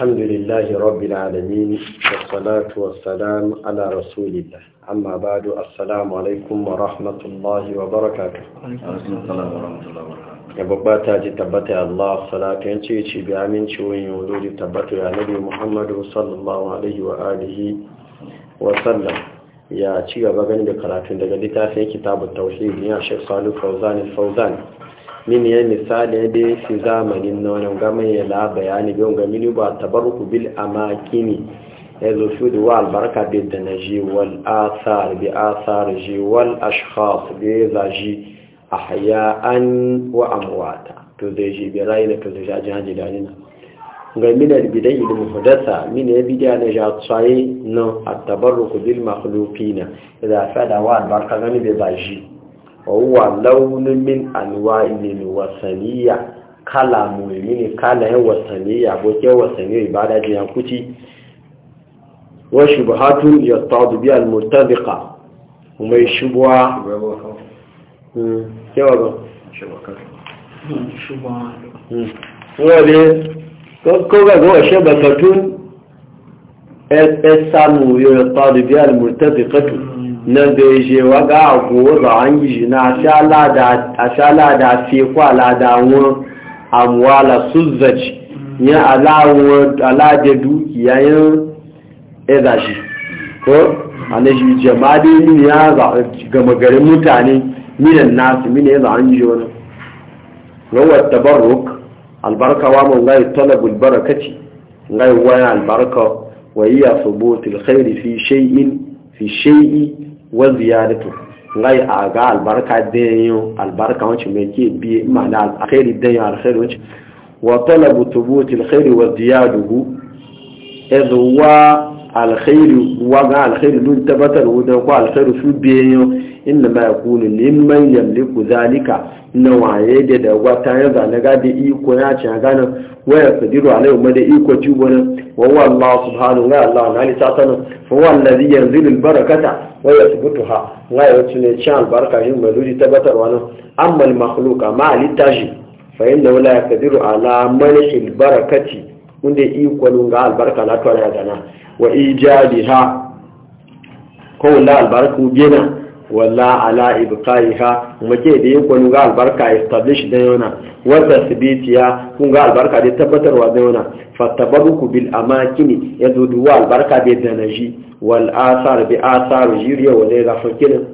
الحمد لله رب العالمين والصلاة والسلام على رسول الله أما بعد السلام عليكم ورحمة الله وبركاته ya babbata ji tabbata Allah salatu ya ce ci bi aminci wani wuluri tabbata ya nabi Muhammadu sallallahu alaihi wa alihi ya ci gaba gani da karatun daga littafin kitabut tauhid ya Sheikh Salih Fauzan min ya misali da shi zamanin na wani gama ya la bayani bin ga mini ba tabarku bil amakini ya zo su da wa albarka bi da na ji wal asar bi asar ji wal ashkhas bi zaji ahya'an wa amwata to zai ji bi rai na to zai ji haji da nina ga min al bidai da muhdatha min ya bidiya na ja tsaye no at tabarruku bil makhluqina idza da wa albarka gani bi ji. فهو لون من انواع الوثنية كلام مؤمن كان وثنية بوكي وثنية عبارة جيان كتي وشبهات يطاد بها المرتبقة وما يشبوا شبهة شبهة شبهة شبهة شبهة شبهة شبهة شبهة شبهة شبهة شبهة شبهة شبهة شبهة na da wa ga agogo ba an yi shi na a sha lada fi kwa lada wọn amwala suzzaci ya alade dukiya yin shi ko ana shi jama'a mini ya gama garin mutane minan nasu mini ya za an yi wani rawar tabarruk albarka wa mun gai talabul barakati gai wani albarka wa yi a khairi fi shay'in fi shay'i wa ziyadatu ngai ga albarka dayo albarka wacce mai ke biye ma'ana alkhairi dayo alkhairi wacce wa talabu tubuti alkhairi wa ziyaduhu wa alkhairi wa ga alkhairi dun tabbatar wudan ko alkhairi su biye inna ma yakunu liman yamliku zalika na waye da da wata ya zana ga da iko ya ci gana waya kadiru alai umma da iko ci wani wa wallahu subhanahu wa allah na ni satana fa huwa alladhi yanzilu albarakata wa ha. la yatu ne cha albaraka yin maluri tabatar wani amma makhluka ma alitaji fa inna la yakdiru ala manhi barakati wanda iko lunga albaraka na to ya gana wa ijadiha ko la albarku gena wala ala ibqaiha ke da yin kun ga albarka establish da yana wata sibitiya kun ga albarka da tabbatarwa da yana ku bil amakini yazudu wa albarka da danaji wal asar bi asar jiriya wa da fakirin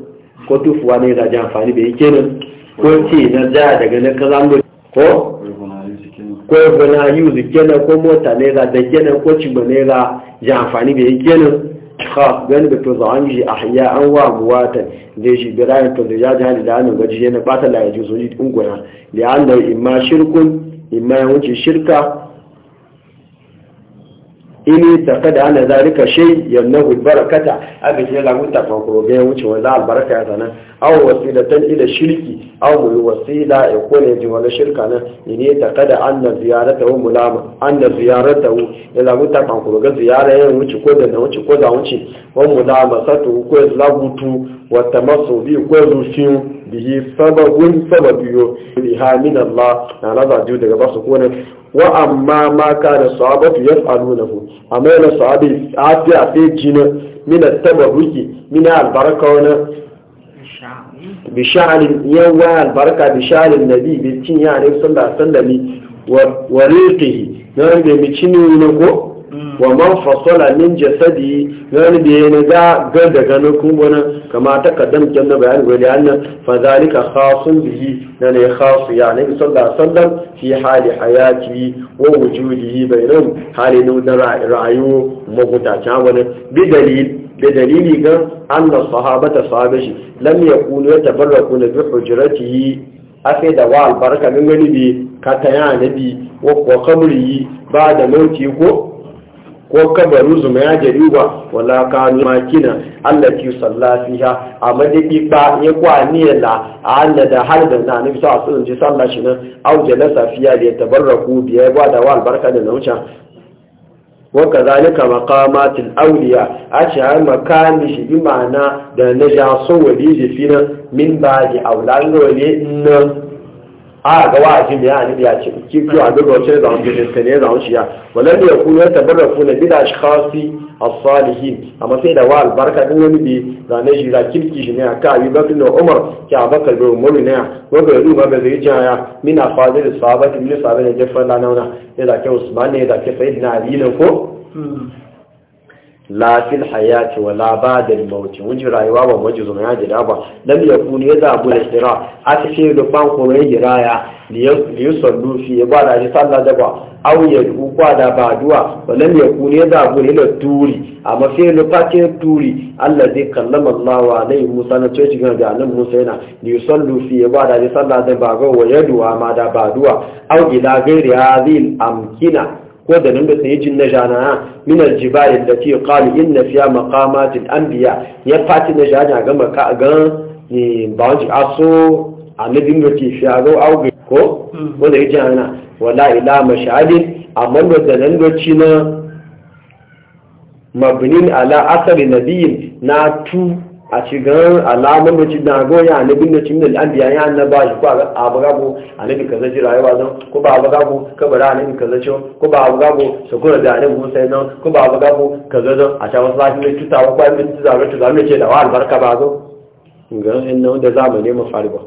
ko tufuwa ne da jan fani bai kenan ko ce na da daga na kazan ko ko gona yuzu kenan ko mota ne da kenan ko cimma ne da jan fani bai kenan خاص بين بتوزعني أحياء وأموات ليش براي تدريجات هذه لأنه قد جينا لا يجوز وجود أنقنا لأنه إما شركون إما يوجد شركة ini ta kada ana zalika shay yamnahu barakata aga je la muta fa ko ga wuce wala albaraka ya sanan aw wasilatan ila shirki aw mu wasila ya kone ji wala shirka nan ini ta kada anna ziyaratahu mulama anna ziyaratahu ila muta fa ko ga ziyara ya wuce ko da wuce ko da wuce wa mulama satu ko labutu wa tamassu bi ko zufiyu bihi sababun sababiyo liha min na na lazaji daga basu ko wa amma ma kana sahabatu yaf'alunahu amma yana sahabi a fi jina min taba tabarruki min albarka wani bishalin yan yawa albarka bishalin na bi cin ya ne sallallahu alaihi wasallam wa rikihi na rabe mi cini ne ko Mm. wa man fasala min jasadi yani da yana ga gar da ganin kumbuna kama ta kaddam jan da bayani gwai da yannan fa zalika khasun bihi na ne khasu ya nabi sallallahu alaihi wasallam fi hali hayati wa wujudihi bainum hali nu da rayu mabuta ta wani bi dalil da dalili ga anna sahabata sahabashi lam yakunu na bi hujratihi afe da wa albarka min gani bi kataya nabi wa kabri ba da mauti ko ko kabaru zuma ya jari ba wala kanu makina Allah ki salla fiha a madadi ba ya kwani la anna da har da na nabi sa sun ji salla shi nan au jalasa fiya da tabarraku biya ba da wal barka da nauca wa kazalika maqamatil awliya a ce har makami shi bi ma'ana da najasu wali fina min ba di aulan wali nan a ga wa'azin da ya ani ya ce ki ki a duk wace da wani da ne da wani ya walan ya ku ya tabarraku na bi da ashkhasi as-salihin amma sai da wa albarka din wani bi da ne jira kirki shi ne aka abi bakr da umar ki abakar da umar ne wa ga ruba ga zai jaya min afadil sahabati min sahabati da jafa na nauna ya da ke usman ne da ke sayyidina ali ne ko lafil hayati wa labadar mun wujin rayuwa ba waje zuma ya jira ba lam ya kuni ya zabu da shira a cikin ce da ban ya jira ya liyu sallu fi ya ba da shi sallah da ba au ya kwa da ba duwa wa lam ya kuni ya zabu da turi a mafi lufatin turi allah zai kallama allah wa alai musa na coci gan da nan musa yana liyu sallu fi ya ba da shi sallah da ba ga wa ya duwa ma da ba duwa au ila gairi hadhihi amkina wadannan da sai jin na jana min aljibal da ce qali inna fiya maqamatil anbiya ya fati na jana ga maka ga ne ba wani aso annabin da ce fiya ga auge ko hmm. wanda ya jana wala ila mashadin amma wadannan da ci na mabnin ala asali nabiyin na tu a shigar alamun da ci dago ya annabin da cin da albiya ya annaba shi ko abu gabo annabi kaza ji rayuwa zan ko ba abu gabo kabara annabi kaza ci ko ba abu gabo shukura da annabi musa zan ko ba abu gabo kaza zan a ta wasu lafi mai tuta ko ba mai tuta ba tuta mai ce da albarka ba zo ga in nan da zamani mu fari ba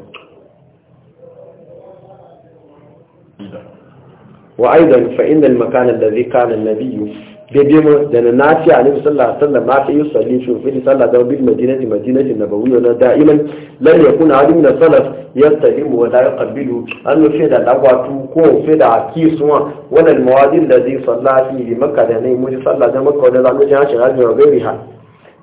wa aidan fa inna al makan alladhi kana an-nabiyyu daidai mu da na nafi a nabi sallallahu alaihi wasallam ma ta yi salli shi fi sallah da bil madinati madinati nabawiyya na da'iman lan yakuna hadu min salaf yastahimu wa la yaqbilu an fi da lagwatu ko fi da kisuwa wannan mawadin da zai salla fi makka da ne mu sallah da makka da zamu ji hashin hajji wa gairiha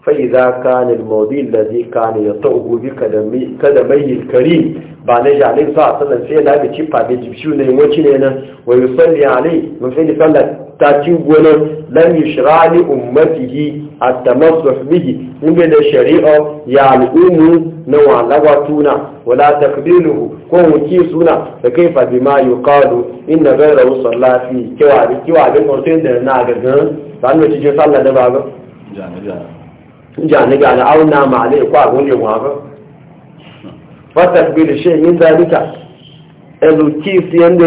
فإذا كان الموضي الذي كان يطعه بكدميه الكريم بانجا عليه صلى الله عليه وسلم سيلا بتشيبا بجبشونا يوشينا ويصلي عليه من فين صلى ta ci gwanin lam yushra li ummatihi at-tamassuk bihi inda da shari'a ya na walawa tuna wala takbiluhu ko wuki suna da kaifa bima yuqalu inna ghayra sallati kiwa da kiwa da mutum da na gaga ban da cikin sallah da jani na wa ba fa takbilu shay'in dalika eluki siyan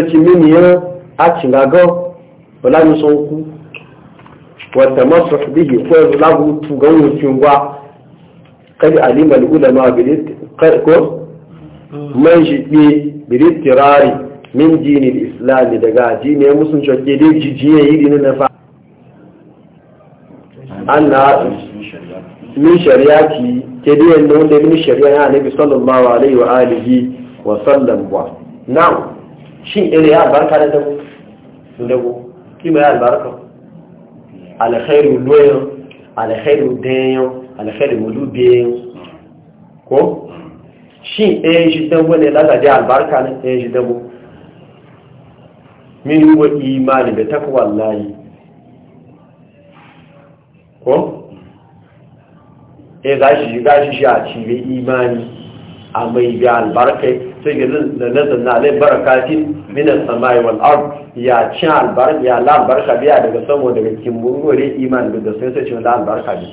a wala ni so ku wa tamassuh bihi ko la ku tu ga wani Ali kadi alima al ulama bil ko man shi bi tirari min dini al islam daga dini musun shokke dai jijiye yi dinin na fa anna min ki ke dai yanda wanda min shari'a ya nabi sallallahu alaihi wa alihi wa sallam wa na shi ne ya barka da dabu dago kí mẹ́rin àlùbáríkà alẹ́kẹ́rù lóyún alẹ́kẹ́rù dẹ́yún olú mọ́lúbẹ́yún kó ṣí ẹyẹ ṣe dẹ́gbọ́ ní lágbàjẹ́ àlùbáríkà ní ẹyẹ ṣe dẹ́gbọ́ min huwa imani da ko? e ẹ̀ a cire imani a mai bi نزلنا عليه بركات من السماء والأرض يا شاء البركة يا لا البركة بيا دقا سمو دقا كمبور إيمان بدو سنسة شو لا البركة بي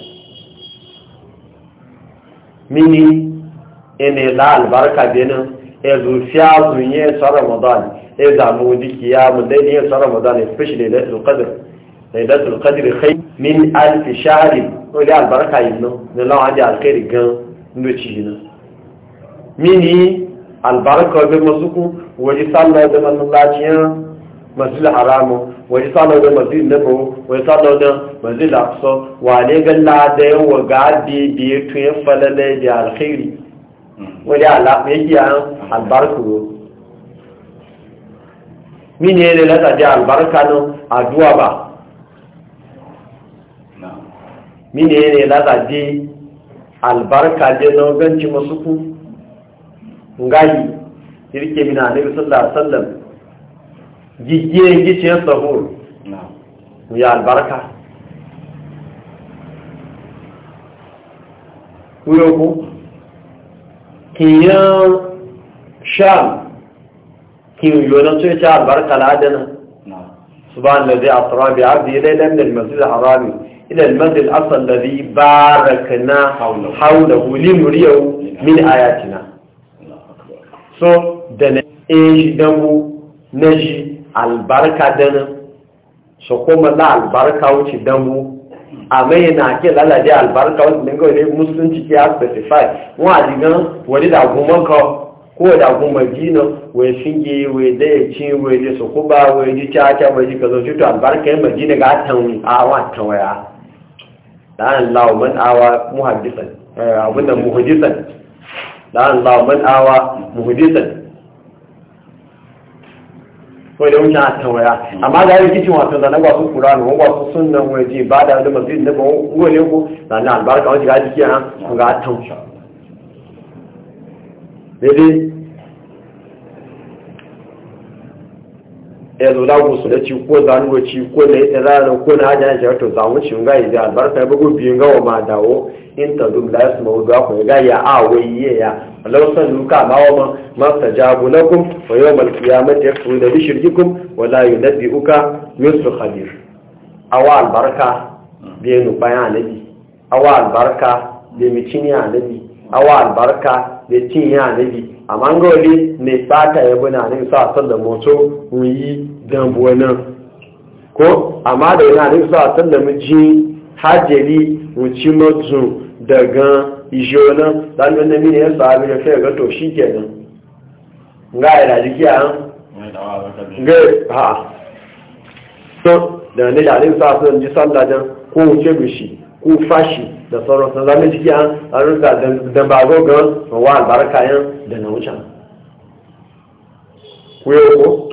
مني إن لا البركة بينا إذو فياز من يسر رمضان إذا مودي كيام الليل يسر رمضان especially ليلة القدر ليلة القدر خير من ألف شهر ولا البركة يبنو نلاو عندي الخير جان نوتشينا مني albarka bin masuku waje sallar da masallaciyar masjid haramu waje sallar da masjid nabo waje sallar da masjid akso wane galla da yawa gadi biye tuyen falale da alkhairi hmm. waje alaƙa yake yan albarkaro mini ne lata da albarka nan aduwa ba mini ne lata da albarka da nan ganci masuku ngayi yirke mina ne sallallahu alaihi wasallam gigiye gice sahur mu ya albarka kuyo ku sham kiyan yonan sai ta albarka ladana subhan ladhi asra bi abdi laylan min al-masjid ila al-masjid al barakna hawlahu linuriyahu min ayatina so da na shi damu na shi albarka dana so kuma la albarka wuce damu a mai na ke lalade albarka wuce dinga wani musulunci ke specify wọn a digan wani da ka ko da goma gina wai shinge wai daya ci wai da su kuba wai ji caca wai ji zo cuta albarka yin majina ga tanwi a wa tawaya da an lawo man awa muhaddisan eh, abinda da Da an Allah man awa muhdisan ko da wuce a tawaya amma da yake cikin wato zanen wasu Qur'ani ko wasu sunnan waje ba da masu masjid da ba wale ko zanen albarka wajen ga jiki ha ga tausa dai ya zo lagu su da ci ko zanuwa ci ko na ita rana ko na hajjana shi wato zamu ci ga yanzu albarka ya bugu biyun gawa ma dawo in ta dum la yasma wa ko ga ya a wai ya ya san luka ma wa ma na kum wa yawm al-qiyamati yakfuru bi shirkikum wa la uka mislu khabir awa albarka bi nufa ya nabi awa albarka bi ya nabi awa albarka bi tin ya nabi amma ga wani ne saka ya buna ne sa san da moto mu yi gambo nan ko amma da yana ne sa san da mu ji hajjeli mu ci mazu daga ijo nan dan nan ne ne sa abin da sai ga to nan ga ira jiki a ga ha so da ne da ne sa san ji sallah dan ko mu ce bishi ko fashi da sauran sun zama jiki an rika da bago gan wa albarka yan da na ku kuyo ko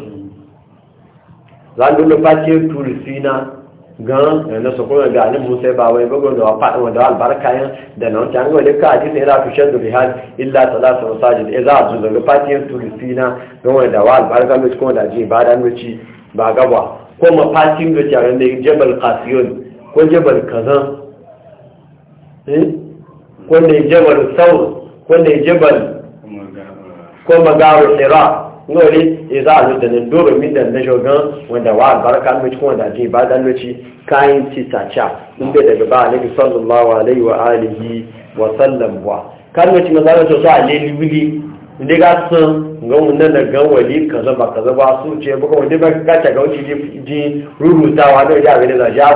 Za a da fashe turisi na gan da na sokonar da alim musa ba wai bago da wafaɗin wanda albarka yan da na wucin wani ka a sai ra tushen da rihal illa talata wasaji da e za a zuzo da fashe turisi na gan wanda wa albarka mai cikin wanda ji ba da nuci ba gaba ko mafatin da jaran da jebal kasiyon ko jebal kazan Hmm? ko ne jabal saur ko ne jabal ko magaru hira nori e za a zo da nan doro da na wanda wa albarka mu cikin wanda ji ba dan lokaci kayan ci tacha in bai daga ba alaihi sallallahu alaihi wa alihi wa sallam wa kan mu ci mazara to sa le libili inde ga sun ga da ga wali kaza ba kaza ba su ce ba ka ta ga ji ya ga da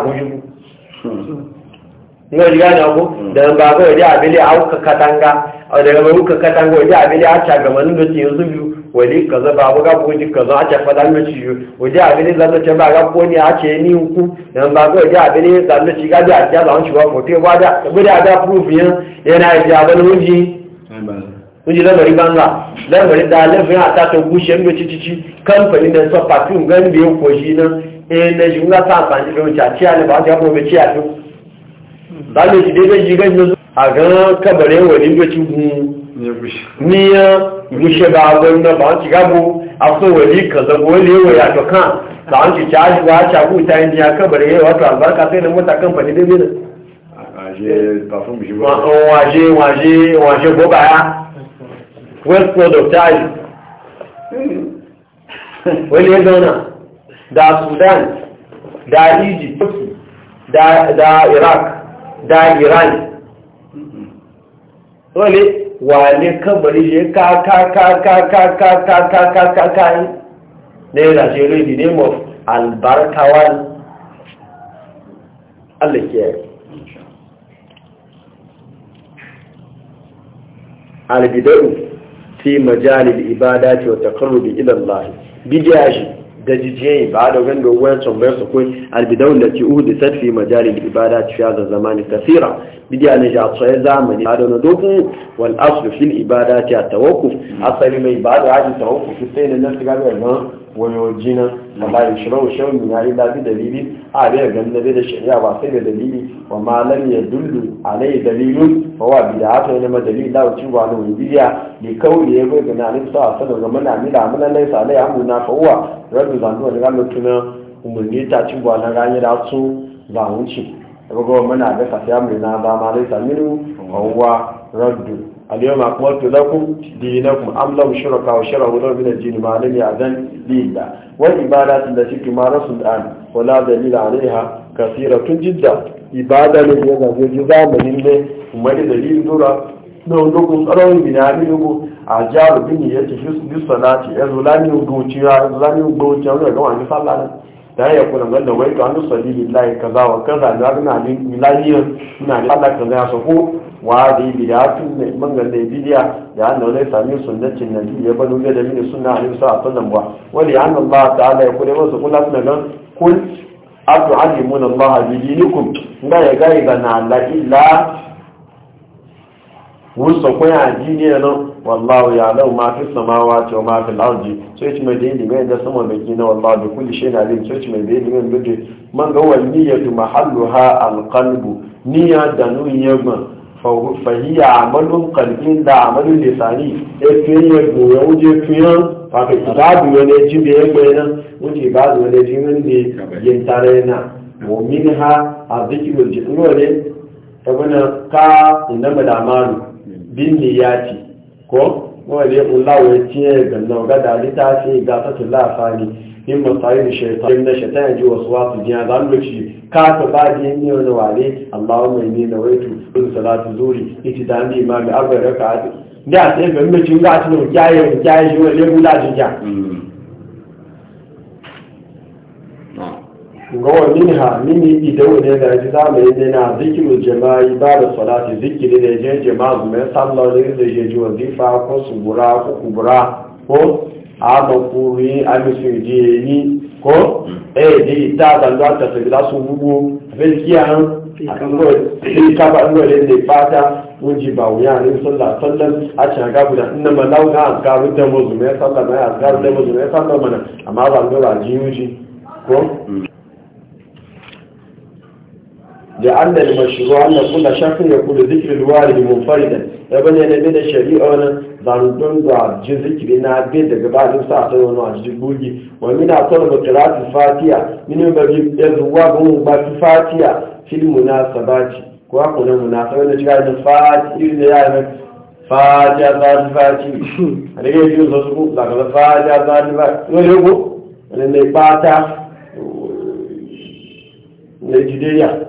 ngal gane ku mm. da ba ko da abili auka katanga da ba auka katanga da abili a ta ga manin da yanzu biyu wali kaza ba ga ko ji kaza a ta fada mu ci yo da abili zan ta ba ga ko ni a ce ni ku da ba ko da abili zan ci ga da ja ba shi ba ko te ba da ba da da proof yin yana ja ba ne ji kuji lamari banza lamari da lafin a ta to gushe mu ci ci ci da sofa tun gan biyo ko shi nan eh na e junga ta amfani da wuce a ciya ne ba ta ko be ciya duk da shi daidai jigar yanzu a gan kabarin wani lokacin niyan rushe ba não gwamna ba wanci gabo a so wani ka zago wani yawa ya dokan ba wanci caji ba a cagu ta yin jiya kabarin yawa wato albarka sai na mota kamfani daidai da waje waje waje goba ya west product tayi wani ya zauna da sudan da egypt da iraq dairan wale wale kabari ya ka ka ka ka ka ka ka ka ka ka ka ne yana ce rai di name of albarkawan Allah ke albidau fi majalil ibadati wa taqarrubi ila Allah bidiya da jijiyayi ba da gan dogon tambayar su kun albidau da ke uhudu sarfi majalin ibada ci fiya da zamani kasira bidiya na ja tsaye zamani ba da na doku wal asu fil ibada ci a tawakuf asali mai ba da haji tawakuf sai na nasu gagar nan Wani jina na layin shirau shawun ya yi labi dalili a gani ganda da shari'a ba sai da dalili wa malam ya dullu alai dalilun Ba wa bi da hata yana dalili da wucin ba nan bidiya bi kauli ya bai gana ne sa sanar ga mana mi da mun lai sa lai amuna fa wa rabbi zandu da ga mutuna ta cin ba nan ganye da su za wuce daga mana da ka sai na ba ma lai sa minu wa اليوم أكملت لكم دينكم أم لهم شركاء وشرعوا لهم من الدين ما لم يأذن به الله والعبادات التي تمارس الآن ولا دليل عليها كثيرة جدا ibada ne ya zaje zamanin ne kuma da dalilin dora na lokacin tsaron binani yugo a jaru bin ya tafi bisalati ya zulani yugo ciya zulani yugo ciya wani ga wani sallah da ya kuna wanda wai to anu sabili lahi kaza wa kaza da na ni lillahi ina da Allah kaza ya sako wa da bidatu ne mangan da bidiya da an dole sami sunnatin nabi ya bano da da mini sunna alaihi sallam wa wali an Allah ta'ala ya kula masa kula kuma nan kul atu alimuna Allah bi dinikum da ya ga na la illa wusa ko ya ji ne nan wallahu ya lau ma fi samawa ce ma fi lardi sai ci mai dai ilimin da sama da gina wallahu da kulli shi na lin sai ci mai dai-dai, ilimin bude man ga wal niyyatu mahalluha al qalbu niyya da nuyyaban fahiya amalun qalbin da amalun lisani e ya fi ya goya wuje fiyan faka ibadu ne ji da ya goya nan ba ibadu wani ji wani ne yin tare na mumin ha a ne jikin ta wani ka inda madamalu bin niyati ko wani ya kula wa tiye ga nauga da rita ce ga ta tula fani in ba sai da shaitan da shaitan ya ji wasu wasu jiya zan lokaci ka ta ba da yin yau da wale Allahu mai ne na waitu in salatu zuri ita da ni ma ga abin raka da sai ga mutum ga wani ha mini idan ne da ji zamani ne na zikiru jama'i ba da salati zikiri da je jama'a mai sallar da je ji wazifa ko subura ko kubura ko amakuri amisirji ni ko eh ji ta da ta se la subu vekian kaba ngo le ne fata ba wuya ne sallan a ci ga guda inna ma lau ga da mai da mana amma ba ngo ko لأن المشروع أن كل شخص يقول ذكر الوالد منفردا يبنى نبيد الشريعة ظنون بعد ذكر نعبيد بعد ساعة ونعجز بوجي ومن أطلب قراءة الفاتحة من يذوبهم بالفاتحة في المناسبات وأقول المناسبة نجعل الفاتحة فاتحة فاتحة أنا كيف يوزن سكوب لكن فاتحة فاتحة ويقول أنا نباتح نجدية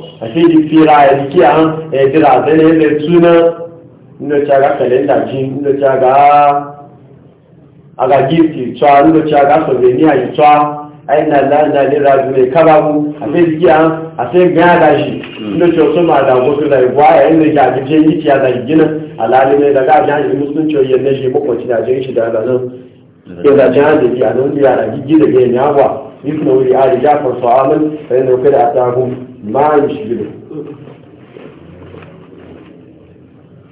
àti ìfira ẹ̀ríkí àwọn ẹ̀dẹ̀rẹ̀ àtẹ́lẹ̀ ẹ̀lẹ̀ túná nínú aga ra kẹlẹ́ndà jí nínú aga agagíftì ìtọ́ nínú aga sọ̀rọ̀ ní àyíkọ́ ayélujára lera ju ìkábàmù e àti ìdíkí àwọn àti ìgbẹ́ àdájì nínú tí ó tún máa dà gbogbo ìlà ìbọ̀ ayé nínú ìjà àjíjẹ́ yìí ti àdájì jìnnà àlàálẹ́ ní ìdàgá àjá yìí mú sún tí ó yẹ lẹ́ṣẹ̀ mọ́kàn tí àjẹ́ yìí ṣe dáadáa náà ìdàjẹ́ àjẹ́ yìí àná ما يشبهه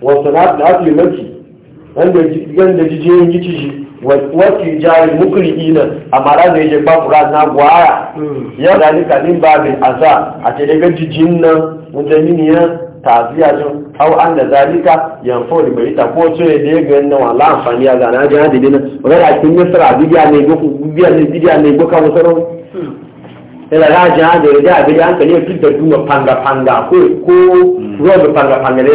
والصلاة الأكل مكي عند عند جيجين جيجي wati jari mukri ina amara da yake ba fura na gwaya hmm. ya zalika min babin aza a ce daga nan mutaminiya taziya jin hau an da zalika yanfo da bai ta ko ce da ya gani nan wala amfani a cikin ne ne yana rajin ha da rida abin hankali ya fitar duwa fanga-fanga ko robe panga fanga ne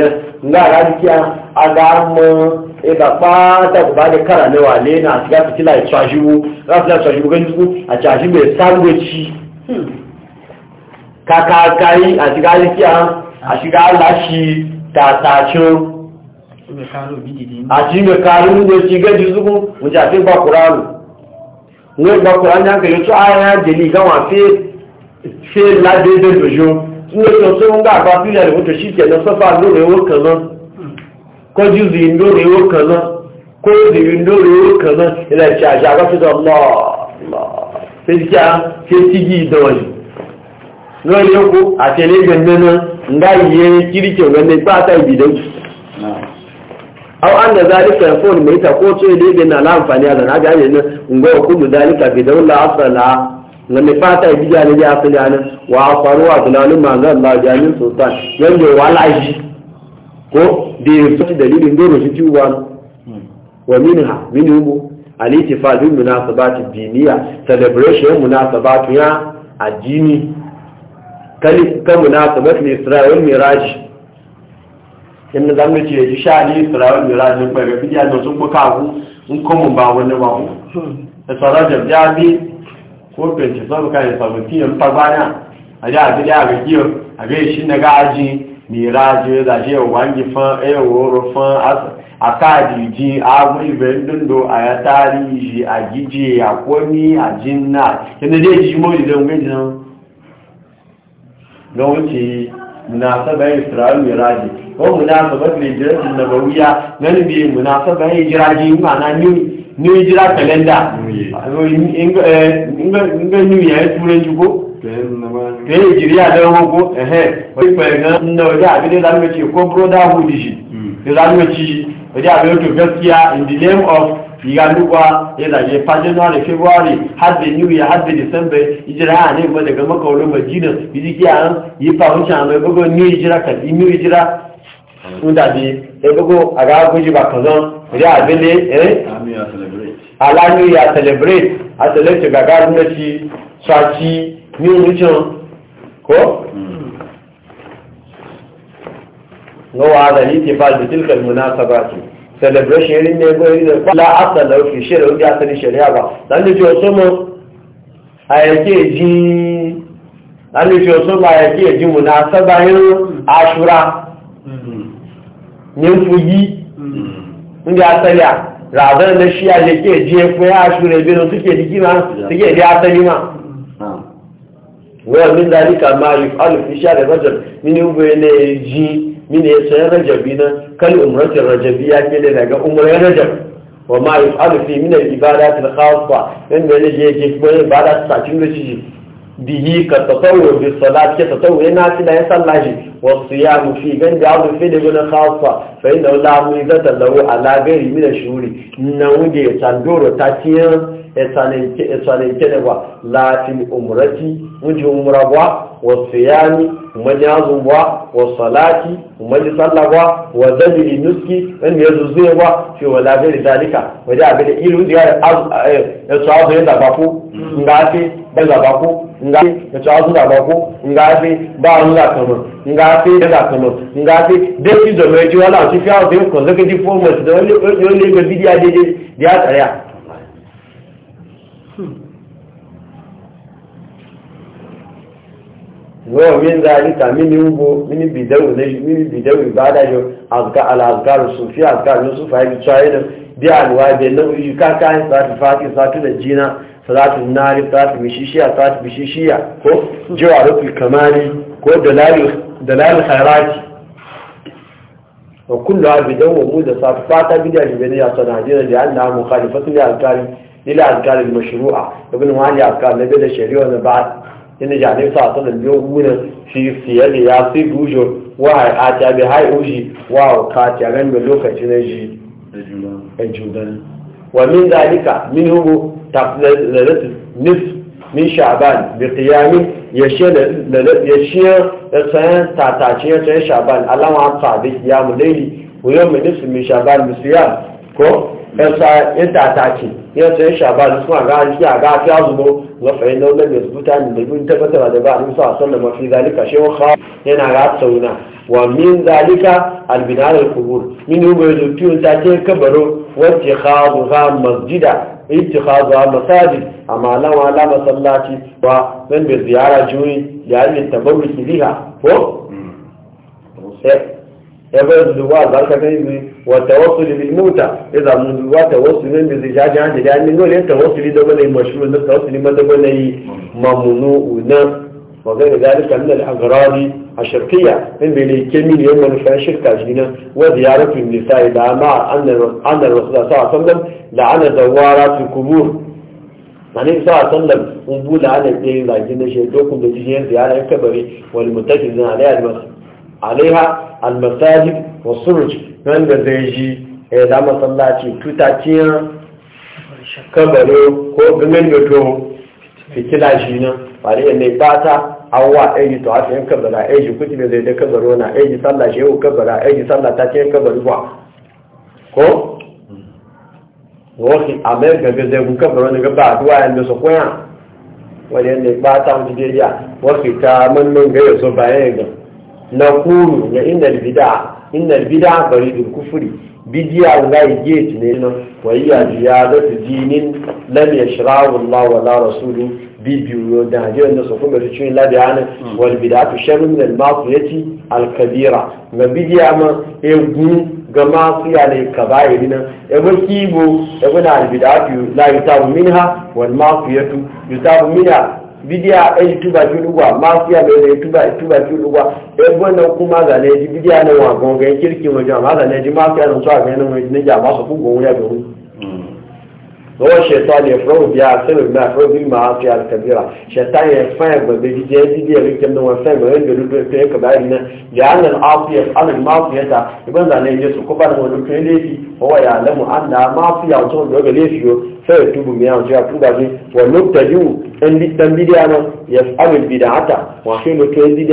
nga rajiya a ga mu ita fata ku ba da kara na wale na shiga fitila ya caji mu za su caji mu gani su a caji mai sandwichi kakakayi a shiga alikiya a shiga a tatacin a a karin da shiga jizugun wuce a a fi ba kuranu ní ìgbà kọ̀ọ̀rọ̀ ní àgbèrè tó ara jẹ̀lì gáwọn fẹ́ ládéédé lòjó ní ètò tó ń gbà bá fílẹ̀ rẹ̀ wọ́n tó sí ìjẹ̀lẹ̀ sọ́fà lórí owó kan náà kọjú sí lórí owó kan náà kó sì lórí owó kan náà ilẹ̀ ìṣe àṣà akọ́sọ́tọ̀ lọ́ọ̀lọ́ fẹ́tíkà fẹ́tíkì ìdọ̀ọ̀lì lórí oko àtẹ̀lẹ́gbẹ̀ẹ́ náà ń dá ìyẹn kíríkì ọ̀gbẹ́ni gbáàtà ìbìdẹ́jù aw anna zalika yakun mai ta ko ce dai bin ala amfani da na gaje ne ngo kullu zalika bi dawla asala wani fata ya bija ne ya asali anan wa afaru wa tunanin manzan Allah jamin sultan yanda wala shi ko da yusu dalilin doro shi tuwa wa minha min yubu al-ittifaq bil munasabat diniya celebration munasabat ya ajini kali ka munasabat Isra'il Miraj yadda za mu ce ji sha ne tsirawar mira ne bai ga fidiya da sun buka ku in kuma ba wani ba ku da tsara da jabi ko fenci sabu kai sabu tiyan fagana a ji a fidiya ga kiyo a ga shi na gaji mira je da shi yau wangi fan ayo woro fan a kaji ji agun ibẹ̀ dundo a ya tarihi a gije a komi a jinna yadda zai ji mo idan gwajin nan don wuce munasaba isra'il miraji ko munasaba hijrat an-nabawiyya nan bi munasaba hijraji ma'ana ni ni hijra calendar inga inga ni ya turen jugo ke hijriya da ko ehe wai fa ga na wajen abin da zamu ce ko brotherhood shi da zamu ci wajen abin to gaskiya in the name of figa lugwa ya zaje fa january february har da new year har da december hijira a ne daga makaurin madina yi ki an yi faru can mai bugo new hijira ka new hijira sun da bi ya bugo a ga guji ba kazan ri abele eh ala new year celebrate a celebrate ga ga na ci sachi new religion ko hmm. Nawa da ni ke fa da tilkal munasabati celebration rí ní ẹgbẹ́ ìrìnà pálá àtàlà òfin ṣẹlẹ̀ oúnjẹ àtàlẹ̀ ìṣẹ̀lẹ̀ àwà lálejò ọ̀sọ́mọ àyẹ̀kí èjì lálejò ọ̀sọ́mọ àyẹ̀kí èjì mùnà àsọ́gbà irú aṣúra ní fún yí oúnjẹ àtàlẹ̀ ràbẹ́ lè ṣí àyẹ̀kí èjì ẹ̀fún aṣúra ìbínú tí kèdí kí máa wọ́n mi dáríkà máa yọ alùfíṣẹ́ àdẹ̀kọ́jọ̀ nínú ìwé ilé èjì من يسعي رجبنا كالأمرة الرجبية كده لقى أمرة رجب وما يفعل فيه من الإبادات الخاصة إن من يجيب من الإبادات ساتين رجيب به كتطور بالصلاة كتطور إن أكيد لا يسأل الله والصيام فيه من دعوة فيه لقنا خاصة فإن الله مريضة له على غير من الشهور إنه يجي تندور تاتين إسانين كده لكن أمرتي مجي أمرة وصيامي ومن يعظم والصلاة ومن يصلى وذل النسك من يزوزه في ولا غير ذلك وجاء بالإيل زيارة الصعب يدبقوا نغافي بلبقوا ngafi da ta azu da bako ngafi ba an la kama ngafi da la kama ngafi da shi da mai ji wala shi fiya da consecutive format da wani wani ga bidiya da ya tsaya wa min zalika min yubo min bidawu ne min bidawu ibada yo azka al azkar sufi azkar yusuf ay tsaida bi alwa de na uji ka ka sa fati satu da jina salatu nari salatu bishishiya salatu bishishiya ko jawarul kamali ko dalal dalal khairati wa kullu bidawu mu da sa fata bidawu ne ya sana jira da Allah mukhalifatu ya alkali ila alkali mashru'a ibn wali alkali da shari'a na ba'd إن جعلي صاطن اليوم من في سيادة يا في بوجو وهاي أتابع هاي أوجي واو كاتيان من لوكا تنجي أجودان ومن ذلك منه تقلت نصف من شعبان بقيام يشير يشير سين تاتاشي سين شعبان الله عم صادق يوم ليلي ويوم نصف من شعبان بسيار كو إسا إنت تاتاشي ya sai shaban sun ga shi a ga ta zubo wa fa'in da wannan yanzu mutane da yin da ba a nusa sallan mafi zalika shehu kha yana ga sauna wa min zalika albinar alqubur min yugo da tiyun ta ce kabaro wacce khadu ha masjida ittikhadu masajid amma la wa la masallati wa man bi ziyara juni da yin tabarruki biha ko sai mm. eh, يبرز دواء ذلك كيزي والتوصل بالموتى إذا من دواء توصل من بزجاج عن جلال من نولي التوصل دوانا المشروع التوصل ما دوانا ممنوع نام وغير ذلك من الأغراض الشرقية من بين كمين يوم نفع شركة جنة وزيارة النساء إذا مع أن الرسول صلى الله عليه وسلم لعن دوارات الكبور يعني صلى الله عليه وسلم أنبول على الدين لعجنة شيء دوكم بجيجين زيارة الكبري والمتجزين عليها المسلم alaiha almasajid wa suruj nan da zai ji ya da masallaci tutaciyar kabaro ko ganin gato fitila shi nan bari ya mai bata awwa aiji to haka yan kabara aiji kuti da zai da kabaro na ko wasu amerika ga zai kun kabaro wani, ga ba aduwa yanda su koya wani yan mai bata wani jirya wasu ta mannan gaya so bayan نقول إن البدع إن البدع بريد الكفر بديا لا يجيت لنا وهي زيادة دين لم يشرعه الله ولا رسوله بيبيو دهجي أن سوف مرتشين لا بيانا والبدعة شر من المعصية الكبيرة ما بديا ما يقول جماعي على كبائرنا يقول كيبو يقول البدعة لا يتاب منها والمعصية يتاب منها bidiya e tuba julugwa mafiya be ne tuba tuba julugwa e bona kuma ga ne bidiya ne wa gonga kirki wajen ma ga ne mafiya ne so ga ne ja ba su ku gonga lọ́wọ́ ṣẹ̀tọ́ ni ẹ̀fọ́ òbí àṣẹ́lẹ̀ mi àfẹ́ òbí máa fi àtẹ̀bíra ṣẹ̀tá yẹn fún ẹ̀gbọ̀n bẹ́ẹ̀ jíjẹ́ dídí ẹ̀rí jẹ́ mi wọn fún ẹ̀gbọ̀n ẹ̀gbọ̀n lódò ẹ̀fẹ́ ẹ̀kọ̀bá yìí náà yà á lẹ́nu àfihàn alẹ́ máa fi ẹ̀ta ìgbọ́n ìdáná ẹ̀yẹ sọ kọ́ba ni wọn ló tún léèfì ọwọ́ yà á lẹ́mu àná máa fi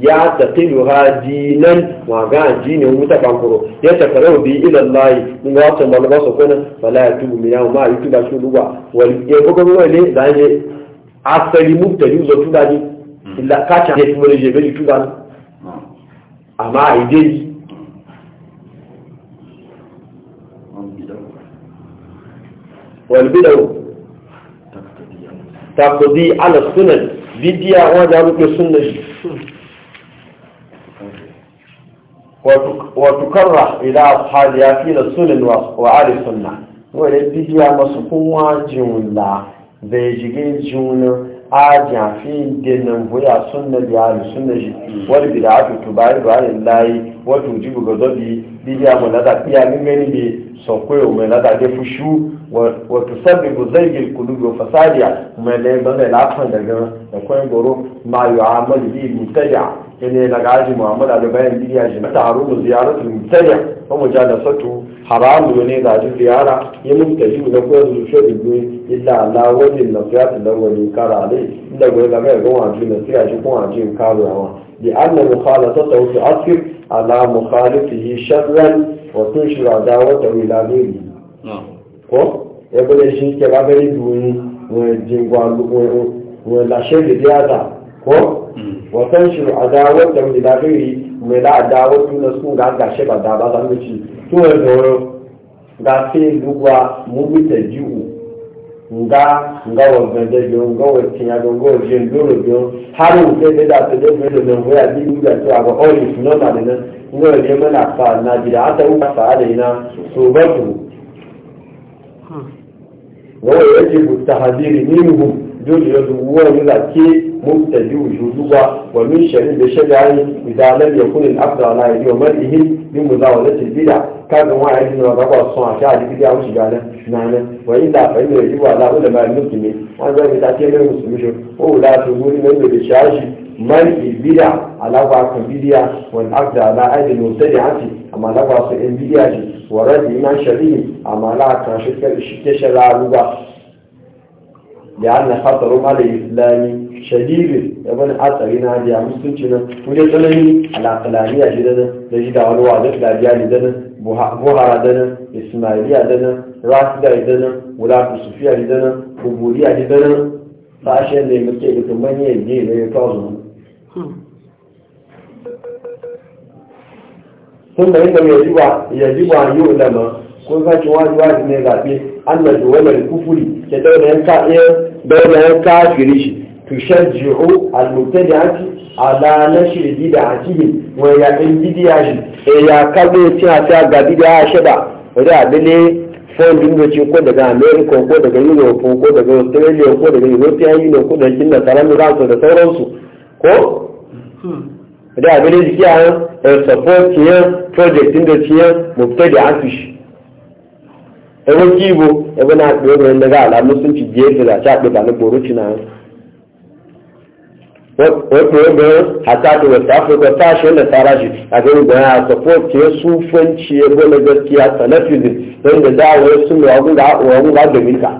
ya taqiluha dinan wa ga dinin muta bankuro ya tafarau bi ila Allah mun ga to malaba so kana fala yatubu min yawma yutu da shi duwa wal ya gogo wale da ne asali mubtadi zo tuda ni illa ka ta ne mu ne be tuda amma ide wal bidaw taqdi ala sunan bidiya wa da ruke sunna وتكرر إلى أصحابها في السنن وآل السنة ولدي مسكوا جونا بيجي جونا aja fi dinan buya sunna bi ahli sunna ji wal bid'atu tubayi wa lillahi wa tujibu ghadabi bi ya mulada kiya min meni bi so ko yo mulada de fushu wa tusabbibu zayyi al qulub wa fasadiya mele bane la fan daga da ko goro ma yu'amalu bi mutaja ene daga aji muhammad ali bayan bidiya shi mata harumu ziyaratu mutaya wa mujalasatu haramu ne da aji ziyara ya mutaji na ko yanzu shi dubu illa allah wani nasiyatu da wani kara alai inda goyi da mai gwan aji nasiya shi kuma aji karo yawa bi anna mukhalatatu tu'athir ala mukhalifihi sharran wa tunshira dawatahu ila ghairihi ko ya bude shi ke ba gari dubu ne jingwa wọn lashe da ko وتنشر عداوتهم إلى غيره ولا عداوة نسون قال قال شبه دابا ضمشي تو الدور قال في لغة مبتة جيو nga nga wa gbẹdẹ jọ nga wa tiɲa jọ nga wa jẹ lórí jọ hali o fẹ dẹdẹ dole ya zuwa wani zake mubtadi wujuduwa wa min shari da shari'ai idan lam yakun al-afdal ala yadi wa mar'ihi min muzawalati al-bid'a kaga wa ya dinna ba ba son a ta da bid'a wuce galan nan wa illa fa inna yuwa la ulama al-muslimin wa zai ta ce da musulmi ko la tu guri nan da shashi من البدع على بعض البدع والعقد على أيدي المبتدعة أما على بعض البدع ورد إيمان شديد أما لا تشكل الشكل شرع لأن خطرهم على الإسلام شديد يبنى أثرين هذه المسلمين وجه تلني على عقلانية جدنا نجد على وعدة لأجيال دنا بوهر دنا إسماعيلية دنا راسدة دنا ولاك صوفية دنا قبولية دنا فأشياء اللي مكي دي لا يتعظم ثم إنه يجب أن يؤلم كل ما جواز واجب نيغاتي أن دول الكفر c'est un ke daunayen daunayen kafiri shi tushajji'u al-mubtadi'ati ala nashri la wa ya in bid'ahi e ya il y a une il a à fond de ta ga bid'a shada wanda de fondin da ce ko daga America ko daga Europe ko daga Australia ko daga European Union ko de China salamu da su da sauransu ko da abine jikiya support yan project din da ci yan mubtadi'ati shi ebe kibo ebe na akpị oge ndị ga ala musulunci ji efe na acha akpị bani gboruchi na wọ́pẹ̀ ogun àtàkì west africa tá a ṣe lè sára jù àgbẹ̀rùgbọ̀n àsọ̀pọ̀ tí ó sún fẹ́ǹtì ẹgbẹ́ lẹ́gbẹ́ tí a tẹ̀lé fìdí lẹ́yìn lè dá àwọn ẹ̀sùn lọ ọ̀hún wá dòmíkà.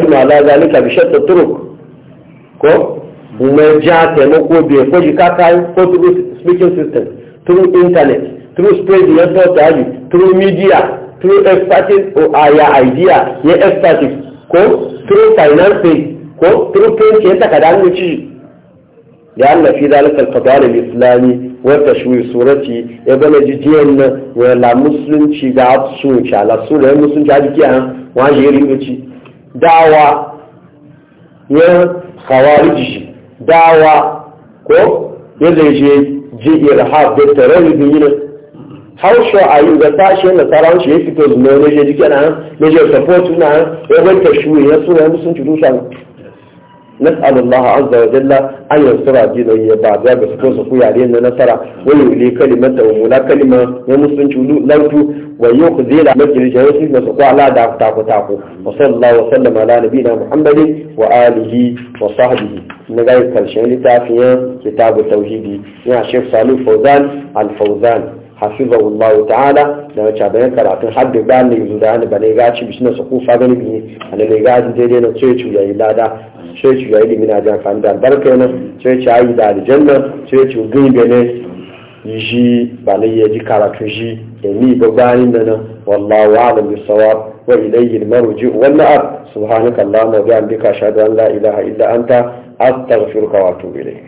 ẹnu alága ní kàbíṣẹ́ tó tóró kó ìmọ̀ ẹja tẹ̀mọ́kó bíi ẹ̀fọ́jú káká portugal speaking system through internet through spread the effort value through media through expertise or aya idea ya expertise ko through financing ko through print ya taka da hannun لأن في ذلك القضاء الإسلامي وتشويه صورتي يبنى islami ولا مسلم surati ya bana jijiyan na wa la musulunci ga su cha la su da musulunci a jiki an wa jeri wuci how sure are you that that shame that around she if it was no you can measure support na every cashew ya so ya musun tudu shan nas'al Allah azza wa jalla an yansura dinan ya ba za ga support ku ya na nasara wa yuli kalimata wa mula kalima ya musun tudu lautu wa yukhzila majlis jawsi na ku ala da ta ku ta ku wa sallallahu wa sallama ala nabiyina muhammadin wa alihi wa sahbihi hafizahu Allah ta'ala da wacce bayan karatun har da ba ne yanzu da hannu ba ne gaci bishin su kufa gani biyu a ne gaci daidai na sai ci yayi lada sai ci yayi limina jan kan da albarka ne sai ci ayi da aljanna sai ci gani gane yi ba ne ya ji karatu shi ya ni ba bayanin da nan wallahu a'lam bisawab wa ilayhi al-marji wal ma'ab subhanaka allahumma wa bihamdika ashhadu an la ilaha illa anta astaghfiruka wa atubu ilayk